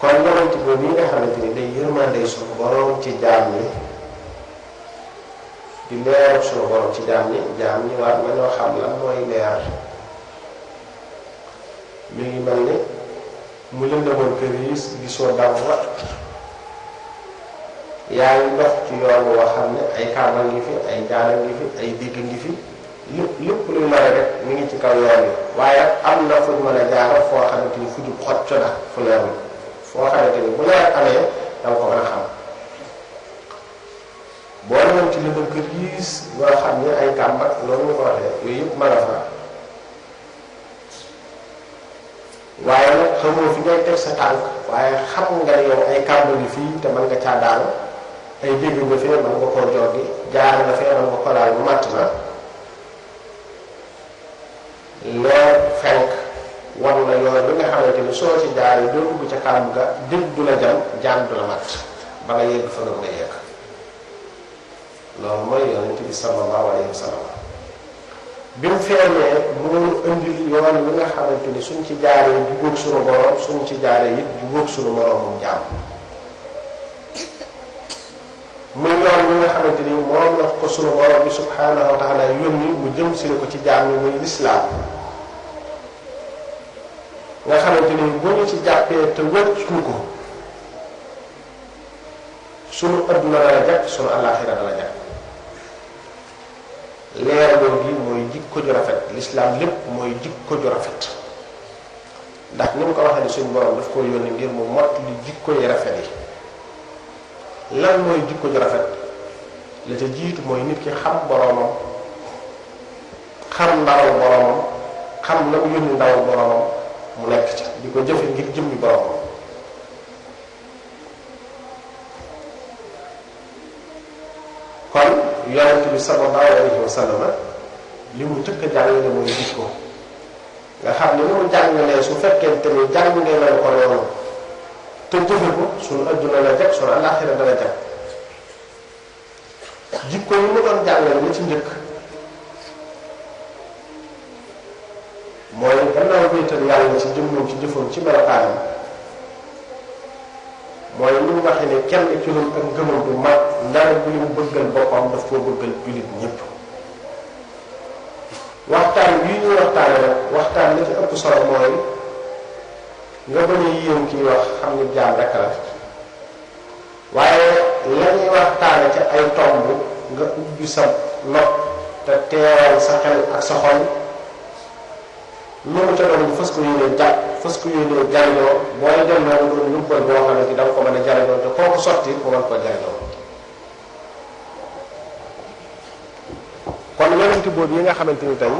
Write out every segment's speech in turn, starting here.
kon ci boobu yi nga xamante ni day yërmande su borom ci jaam ñi di leer suñu borom ci jaam ñi xam lan mooy leer mi ngi mel ni mu lëndëmoon kër yi gisoo daaw la yaa ngi ci yoon woo xam ne ay kaaba ngi fi ay jaana ngi fi ay digg ngi fi lépp lépp luy mën rek mi ngi ci kaw yoon waaye am na fu mën a jaara foo xamante ni fu jub xocc na fu leerul boo xamante ni bu ko mën xam boo ñëw ci lëndëm kër gis yoo xam ne ay kàmbat loolu ñu waxee yooyu yëpp mën a fa waaye nag xamoo xam nga yow ay kàmb ngi fii te mën nga caa daal ay dégg nga fee mën nga koo joggi jaar nga fee mën nga ko daal matt na leer fenk wan la yooyu bi nga xamante ni soo ci jaaree doo dugg ca kàmm ga dib du la jam jaan du la mat ba nga yegg fa nga yegg loolu mooy yoon wi nga xamante ni suñ ci jaaree jubóog suñu borom suñ ci jaaree it jubóog suñu moromum jaam muy yoon wi nga xamante ni moom la ko suñu borom bi subhaanahu wa yónni mu jëm si ko ci jaam yi muy lislaam nga xamante ni bu ñu ci jàppee te wëccu ko sunu adduna dana jàkk sunu àllaaxira dana jàkk leer boobu mooy jikko ju rafet lislaam lépp mooy ko ju rafet ndax ni mu ko waxee ni suñu borom daf ko yónni ngir mu mott li jikko yi rafet yi lan mooy jikko ju rafet la ca jiitu mooy nit ki xam boromam xam ndaw boromam xam la mu yónni ndaw boromam mu nekk ci di ko jëfe ngir jëmmi borom kon yonent bi sallallahu alayhi wa li mu jëkk a jàngale mooy jikko nga xam ne mu jàngalee su fekkente ni jàngalee nañ ko loolu te jëfe ko sunu adduna la jag sunu alaxira dana jag jikko yi mu doon jàngale li ci njëkk mooy gannaaw wéetal yàlla ci jëmmam ci jëfam ci melokaanam mooy li mu waxee ne kenn ci loolu ak ngëmam du mag ndara bu mu bëggal boppam daf koo bëggal julit ñëpp waxtaan yi ñu waxtaane nag waxtaan la ci ëpp solo mooy nga bañ a yéem kii wax xam jaam rek la waaye la ñuy ca ay tomb nga ubbi sa te teewal sa xel ak sa xol ñoo ca doon fas ko yéene jàpp fas ko yéene jariloo booy dem naa ko doon lumpal boo xam ne ki da nga ko mën a jariloo te kooku sotti ko mën ko jariloo kon yonent boobu yi nga xamante ni tey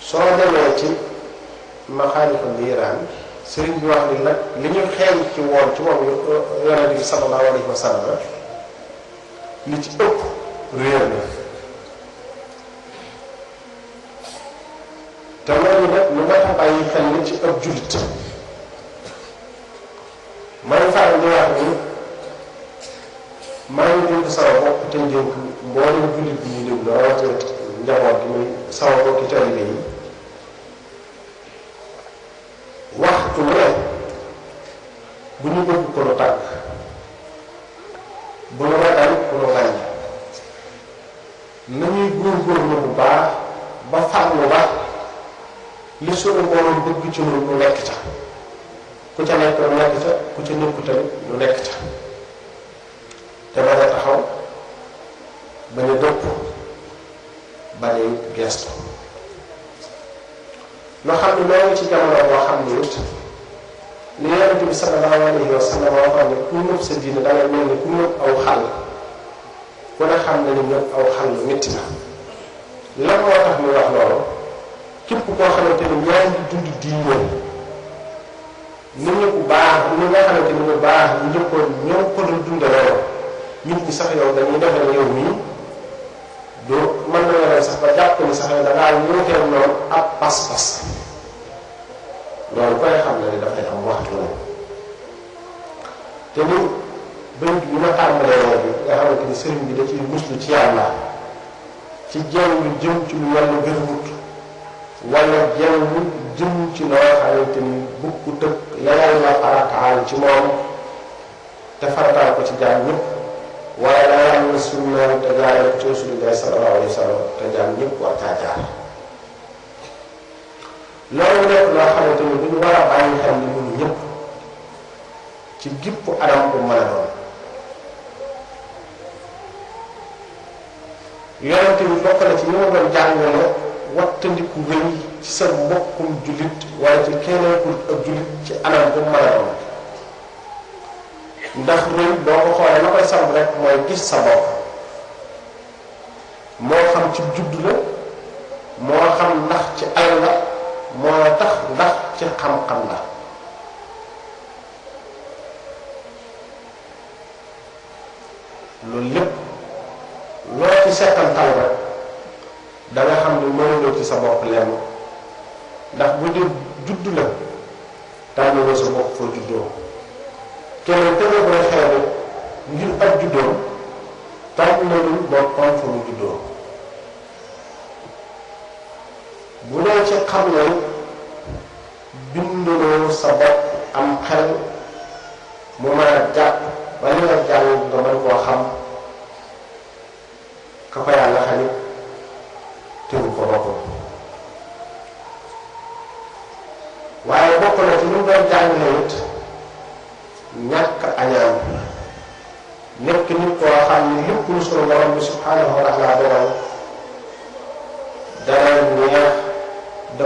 soo demee ci maxaalifa liiraan sëriñ bi wax ni nag li ñu xeeñ ci woon ci moom yonent bi sallallahu alayhi wa sallam li ci ëpp réer na tegtal la ci ab jullit may faral di wax ni maa ngi dénk sama bopp te dénk mboolem jullit bi ñu déglu rawatina njaboot gi muy sama bokki taalibe yi waxtu bu ñu bëgg ko lu tàgg bu nañuy bu baax ba li bëgg ci ñun ñu nekk ca ku ca nekk lu nekk ca ku ca nekku tamit lu nekk ca te bañ a taxaw bañ a dëpp bañ a loo xam ne maa ci jamono boo xam ne it li yonent bi sallallahu alayhi wa sallam waxoon ne ku nëb sa diine danga mel ni ku nëb aw xàll ku ne xam ne ni nëb aw xàll métti na la moo tax mu wax loolu képp koo xamante ni yaa ngi dund diineem ni ñu ko baax ni nga xamante ni ñu baax ñu njëkkoon ñoo ko doon dundee lool sax yow dañuy defe ne yow mii doo mën na la sax ba jàpp ni sax yow da ngaa wuuteel noonu ab pas-pas loolu koy xam dafay am waxtu la te ni bëñ bi ma tàmbalee bi nga xamante ni sëriñ bi da ciy muslu ci yàlla ci jàng lu jëm ci lu yàlla gën wut wala jaww jëm ci loo xamante ni bukku tëkk yàlla na farataal ci moom te farataal ko ci jaam ñëpp waaye daal na sunna te jaaree ci Rasulullah sallallahu te jaam ñëpp war caa loolu nekk loo xamante ni duñu war a xel ni ñun ñëpp ci gipp anam bu mën a doon yonente bi bokk na ci ñi ma doon jàngale wattandiku réew ci sa mbokkum julit waaye ci keneen ku ak julit ci anam bu mën a doon ndax réew boo ko xoolee la koy sàmm rek mooy gis sa bopp moo xam ci judd la moo xam ndax ci ay la moo tax ndax ci xam-xam la loolu lépp loo ci seetantal rek da nga xam ne mënuloo ci sa bopp lenn ndax bu dee judd la tànnaloo sa bopp foo juddoo keneen te nga koy xeebe ngir ab juddoo tànnalul boppam fa mu juddoo bu dee ci xam ne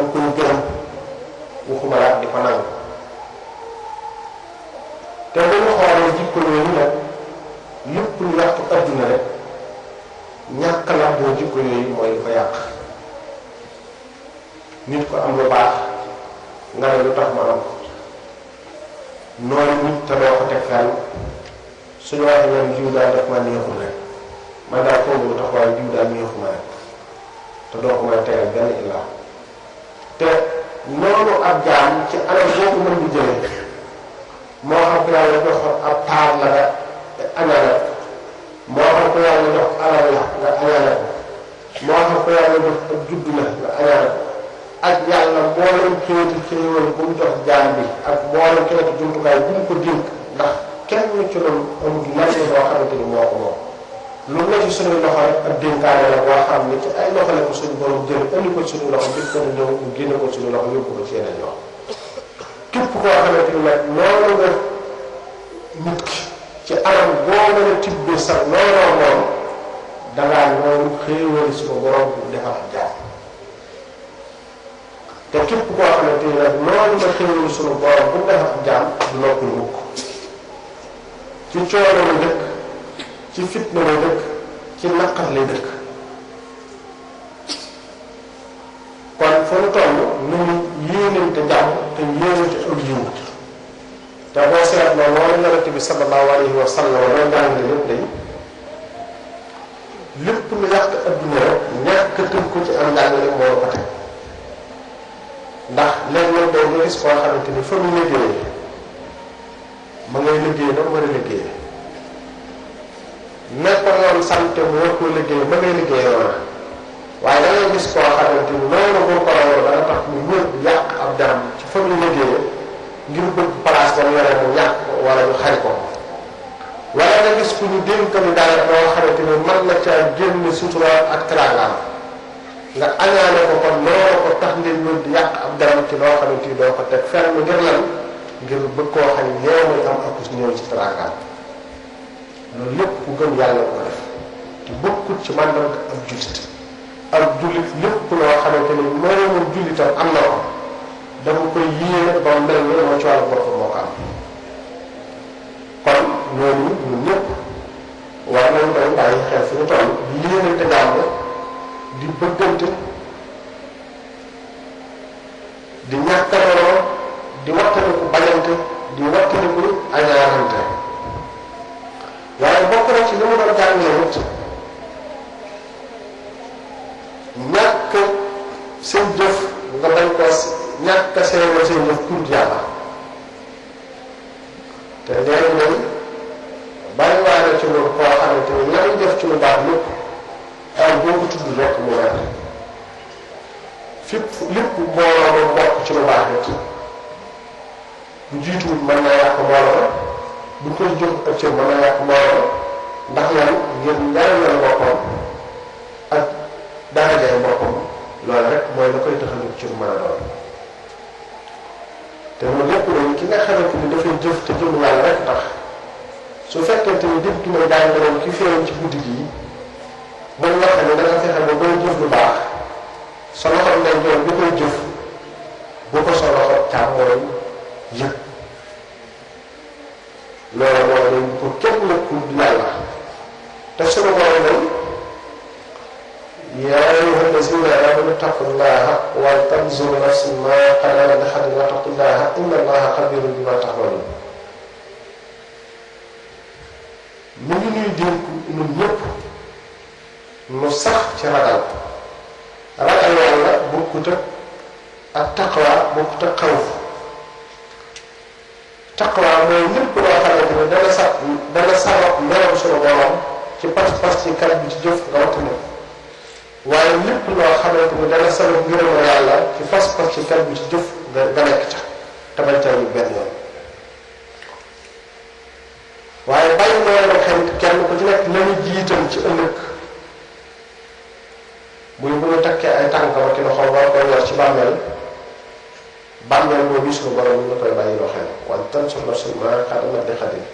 danga koy gërëm waxuma ko nangu te bu ñu xoolee jikko yooyu nag lépp lu yàq adduna rek ñàkk la boo jikko yooyu mooy ko yàq nit ko am lu baax nga ne lu tax ma am ko noonu nit te doo ko teg fenn suñu waxee naan daal def ma neexul rek man daal foofu lu tax waaye daal neexuma rek te doo ko mën tegal benn illaa loolu ak jaam ci anam boo ko mën di jëlee moo xam yàlla jox ab taar la dénkaane la boo xam ne ci ay loxo la ko suñu borom jël indi ko suñu loxo jël ko ñëw ko suñu loxo yóbbu ko ci yeneen képp koo xamante ni nag noonu nga nit suñu borom bu te képp koo xamante ni nag nga xéewal suñu borom bu defal ci coono la dëkk ci fitna la dëkk ci naqar lay dëkk kon fa nu toll nu ñu yéenante jàmm te yéenante ak yiw te boo seetloo loolu yonent bi sallallahu alayhi wa sallam loolu jàngale lépp day lépp lu yàq adduna rek ñàkk tënku ci am njàngale moo ko teg ndax léeg-léeg day nga gis koo xamante ni fa mu liggéeyee ma ngay liggéey nag war a liggéeyee ko sant mu war koo liggéey ba ngay liggéey loola waaye da gis koo xamante ni loolu boo ko rawoo dana tax mu ñëw yàq ab jaram ci fa mu liggéeyee ngir bëgg place ko wala ñu xañ ko wala nga gis ku ñu ci loo doo ko teg fenn ngir lan ngir bëgg koo xañ yow muy am akus ñëw ci teraangaam loolu lépp ku gëm yàlla ko bokkul ci màndarga ak jullit ak jullit lépp loo xamante ni moroomam jullitam am na ko dafa koy yéene ba mel ni moo ci wàllu boppam moo ko am kon loolu ñun ñëpp war nañ koy bàyyi di bëggante di ñàkkaroo waaye bokk na ci li mu doon jàngale seen jëf nga bañ ko ñàkk a seeroo seen jëf pour yàlla te léegi nag bàyyi waa ci loolu koo xamante ni ñaari jëf ci lu baax lépp ko ci lu baax nit bu jiituwul mën na yàq mbooloo bu ñu koy jox ak cër yàq mbooloo ndax lan ngir njariñal boppam ak darajay boppam loolu rek mooy la koy tax a jóg ci lu a doon te mu lépp léegi ki nga xamante ni dafay jëf te jëm yàlla tax su fekkente ni dégg nga jàngoroom ki feeñ ci guddi gi mën nga xam ne da nga fexe ba booy jëf lu baax sa loxo ndeyjoor bi koy jëf bu ko sa loxo càmmooñ loolu moo leen ko kenn la ku الذين آمنوا اتقوا الله ولتنظر نفس ما قدمت لغد واتقوا الله إن الله خبير بما تعملون mu ngi ñuy dénk ñun ñëpp nu sax ci ragal ragal yàlla bokkut ak taqwa bokkut ak xawf taqwa mooy lépp loo xamante ne dana sax dana sabab meram suñu ci pas-pas ci kanam bi ci jëf nga wattandiku waaye lépp loo xamante ni dana sabab ngërëma yàlla ci fas-fas ci kat bi ci jëf nga nga nekk ca te bañ caa benn waaye bàyyi loolu xel kenn ku ci nekk lañu jiital ci ëllëg muy mu ñu takkee ay tànkam ak loxo war koy yor ci bàmmeel bàmmeel boobu suñu borom ñu koy bàyyi loo xel wala tan su ma xaaral ma di xadim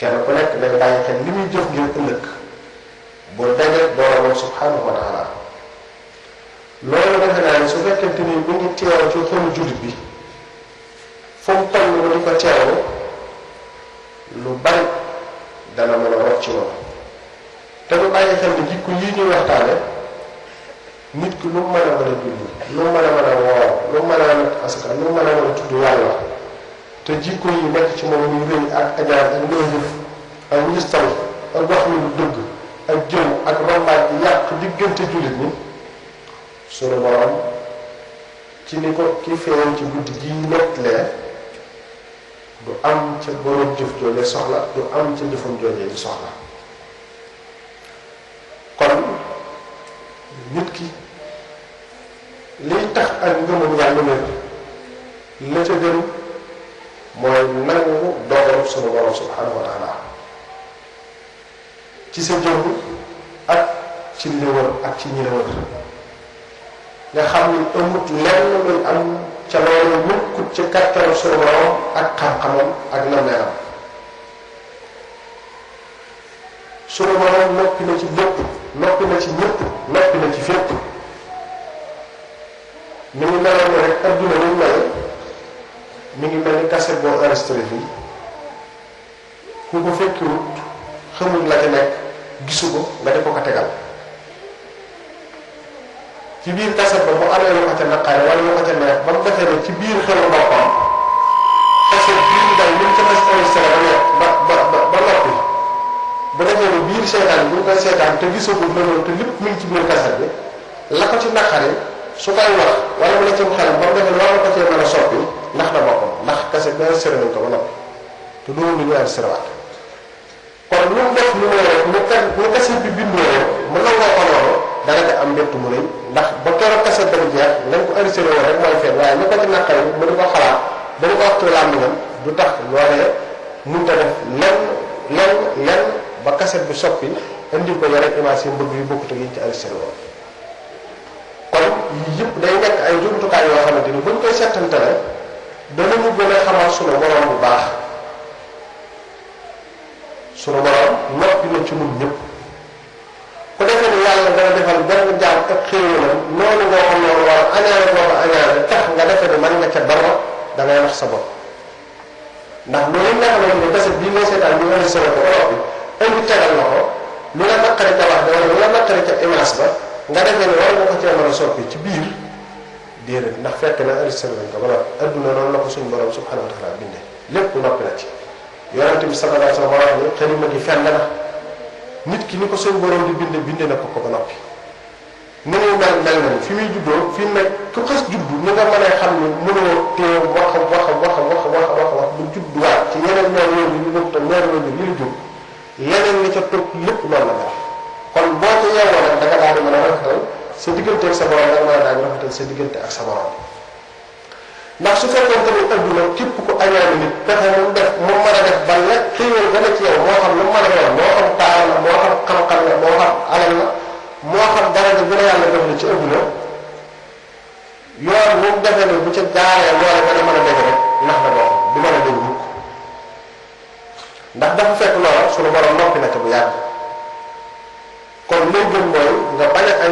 kenn ku nekk day bàyyi xel li muy jëf ngir ëllëg. bu dajeeg boromam subhanahu wa loolu defe naa ne su fekkente ni mu ngi teew ci xolu jullit bi fu mu toll mu di ko teewlu lu bari dana mën a rot ci moom te bu bàyyi xel ni jikko yi ñuy waxtaane nit ki lu mu mën a mën a julli lu mu mën a mën a woor lu mu mën a mën mu a mën a tudd yàlla te jikko yi nekk ci moom muy rëy ak ajaar ak ngóor ak ngistal ak wax lu dëgg ak jëw ak rambaaj yàq diggante jullit ñi sunu borom ci ni ko ki feeñ ci guddi gi nettalee du am ca borom jëf jooje soxla du am ca jëfam jooje di soxla kon nit ki liy tax ak ngëmam yàlla mel la ca gën mooy nangu dogalu sunu borom subhanahu wa ci sa jëmm ci li wër ak ci ñi nga xam ni amut lenn luñ am ca loolu mukkut ci kattanu suñu borom ak xam-xamam ak nammeeram suñu borom noppi na ci lépp noppi na ci ñëpp noppi na ci fépp mi ngi meloon ni rek adduna lu mel mi ngi mel ni kaset boo enregistré fii ku ko fekkiwut xamul la ca nekk gisu ko nga di ko ko tegal ci biir kaset ba bu amee lu ko ca naqaay neex ba mu defee ne ci biir xelu boppam kaset bii ñu biir seetaan bi ñu seetaan te gisagul na loolu te lépp mu ngi ci biir kaset bi la ko ci naqari su koy wax wala mu ne ci xelam ba mu defee war na ko a soppi ndax na boppam ndax kaset bi enregistré ba noppi te lu mu def mu kaset bi bindoo mu nangoo ko loolu dara nga am mbégte mu rëy ndax ba keroog kaset ba mu jeex lañ ko enregistré rek mooy feeñ waaye lu ko ci naqari mu di ko xalaat ba mu ko waxtu làmmiñam du ta ñu ci enregistré woon kon yëpp day nekk yoo xamante ni buñ koy settantale danañu gën a xamal sunu borom bu baax sunu borom noppi na ci ñun ñëpp ان درجة جاء تكيون نون جو أنا أنا أنا تخلى لك من نتبرع دعنا نحسبه نحن لنا من بس بما سيدنا من سورة الأرض أن يتعلم الله لولا ما قرأت واحدة ولا ما قرأت إناسبة غدا من ولا ما كنت أمر سوكي تبير دير نحفظ لنا أرسل من قبل أدنى لنا قصون برام سبحانه وتعالى بنا lépp noppi na ci yonente bi sallallahu alayhi wa sallam wax ne xalima gi fenn na nit ki ni ko suñu borom di bind bind na ko ko ba noppi ni muy mel mel nañ fi muy juddoo fi mu nekk ku xas juddu ni nga mën a xam ni mënoo téye wax wax wax wax wax wax wax bu judduwaat ci yeneen ñaar yooyu ñu bokk te ñaar yooyu li la jóg yeneen li ca toog lépp loolu la def kon boo ca yeewoo nag da nga daal di mën a rafetal sa diggante ak sa borom da nga mën a daal di rafetal sa diggante ak sa borom ndax su fekkoon tamit adduna képp ku añaani nit pexe mu def mu mën a def ba la xëyal gën a ci yow moo xam lu mën a yor moo xam taal la moo xam xam-xam la moo xam alal la moo xam dara ne bu la yàlla dox na ci ëpp la yoon bu mu defee ne bu ca jaaree loola ba mën a dégg rek ndax na boo xam du mën ndax dafa fekk loola suñu borom noppi na ca bu yàgg kon lay gën mooy nga bañ a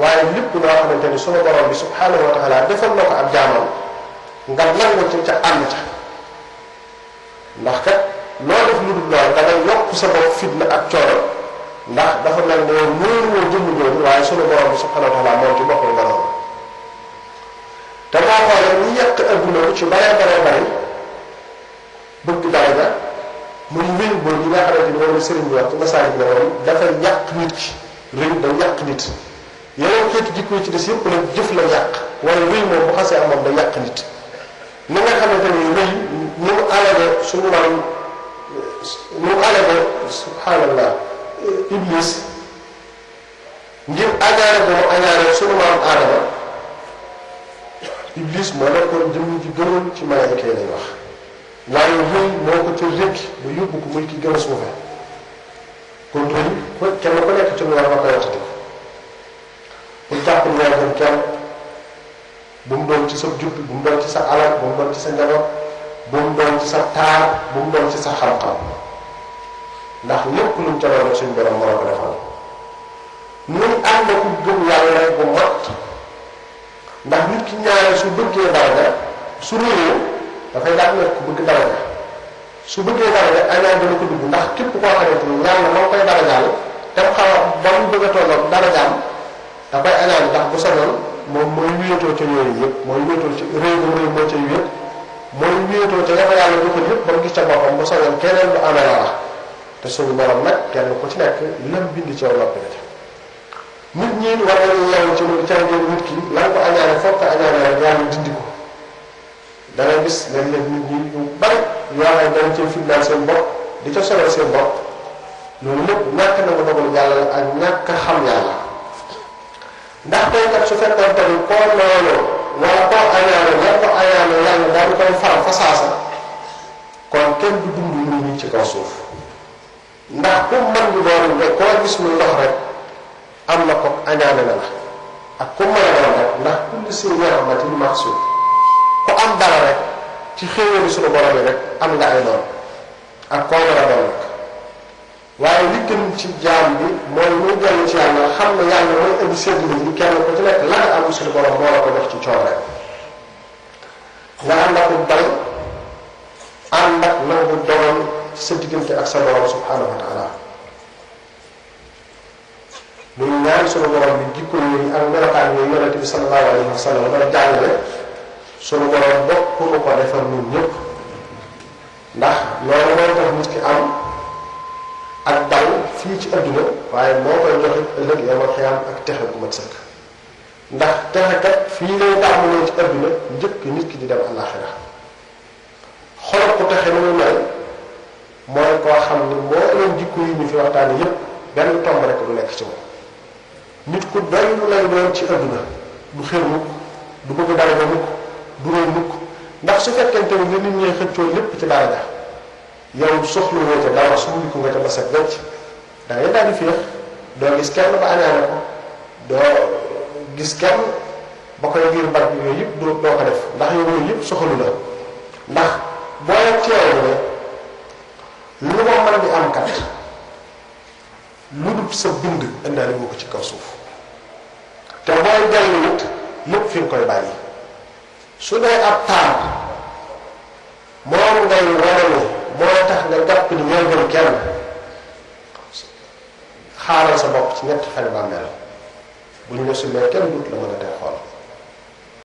waaye lépp xamante ni suñu borom bi ko ab jaamam nga nangu ci ndax kat loo def lu dul lool da yokk sa bopp fitna ak coono. ndax dafa mel ne muur woo jëmm jooju waaye sunu borom bi subhanahu wa taala moom ci boppam borom te boo xoolee ñu yàq adduna ci bare bare bare bëgg daraja muy wéy boobu yi nga xamante ni moom la sëriñ bi wax ci message bi moom dafay yàq nit ki rëy da yàq nit yeneen xeeti jikko ci des yëpp nag jëf la yàq waaye wéy moom bu xasee amoon da yàq nit ni nga xamante ni wéy ni mu alage suñu maam ni mu alage subhanallah iblis ngir añaane boobu añaane sunu maam aadama iblis moo nekkoon jëmm ji gënoon ci malaayika yi lay wax waaye rëy moo ko ca rëkk ba yóbbu ko muy ki gën a suufe kon rëy kenn ku nekk ci lu war a koy ko bul jàpp ne yaa gën kenn bu mu ci sa jubbi bu mu ci sa alal bu mu doon ci sa njaboot bu mu ci sa taar bu mu ci sa xam-xam ndax lépp luñ ca doon suñ borom moo ko defal muy ànd ku gëm yàlla bu mot ndax nit ki ñaareel su bëggee daraja su réeroo dafay daal nekk bëggee daraja añaan dana ko dugg ndax képp koo xamante ni yàlla moo koy darajaal te xaw a ba mu bëgg a tolloog darajaam da koy añaan ndax bu sañoon moom mooy wéetoo ca yooyu yëpp mooy wéetoo ci réew réew moo ca yëpp mooy wéetoo ca yafa yàlla joxal yëpp ba mu gis ca boppam bu sañoon keneen du amee la te suñu borom nag kenn ku ci nekk lam bind ci yow na ñi war ci lu càngee nit ki ko añaane foog ko añaane rek yàlla dindi ko dangay gis léeg-léeg nit ñi yu bari yoo xam ne dañ cee seen bopp di ca sonal seen bopp loolu lépp ñàkk na nga dogal yàlla ak ñàkk xam yàlla ndax tey kat su fekkoon tamit koo noonu wala koo añaane lan ko añaane yàlla daal koy faral fa saasa kon kenn du dund lu ñu ci kaw suuf ndax ku mën di doon rek koo gis mu ndox rek am na ko añaane na la ak ku mën a doon rek ndax kulli si ñaramatin maxsuud ku am dara rek ci xéewali suñu borom yi rek am nga ay doon ak koo mën a doon rek waaye li gën ci jaam bi mooy muy dellu ci yàlla xam ne yàlla mooy indi séddale yi kenn ku ci nekk la nga am suñu borom moo la ko jox ci cooree nga ànd ak bay ànd ak nangu doon ci sa diggante ak sa borom subhaanahu wa taala muy ñaan sunu borom bi jikko yooyu ak melokaan yooyu yonente bi sallallahu alayhi wa sallam dana jàngale sunu borom bokk nu ko defal ñun ñëpp ndax loolu mooy tax nit ki am ak dal fii ci adduna waaye moo koy joxe ëllëg yawmal xiyaam ak texe gu mat sëkk ndax texe kat fii lay tàmbalee ci adduna njëkk nit ki di dem àllaaxira xol ku texe ni mu mel koo xam ne mbooleem jikko yi ñu fi waxtaane yépp benn tomb rek du nekk ci moom nit ku doy lay doon ci adduna du xër mukk du bëgg dara ba mukk du rëy mukk ndax su fekkente ni ci dara yow soxla woo ca dara nga ca ba set wecc da ngay daal di féex doo gis kenn ba añaane ko doo gis kenn ba koy ngir mbagg yooyu yëpp doo doo ko def ndax yow yooyu yëpp soxalu la ndax boo yem ci lu ma man di am kat lu dul sa bind indaale woo ko ci kaw suuf te booy dellu it lépp fi nga koy bàyyi su dee ab taar moom ngay wanale moo tax nga jàpp ni ñoo gën kenn xaaral sa bopp ci ñetti fan bàmmeel bu ñu ne sumee kenn dut la mën a tey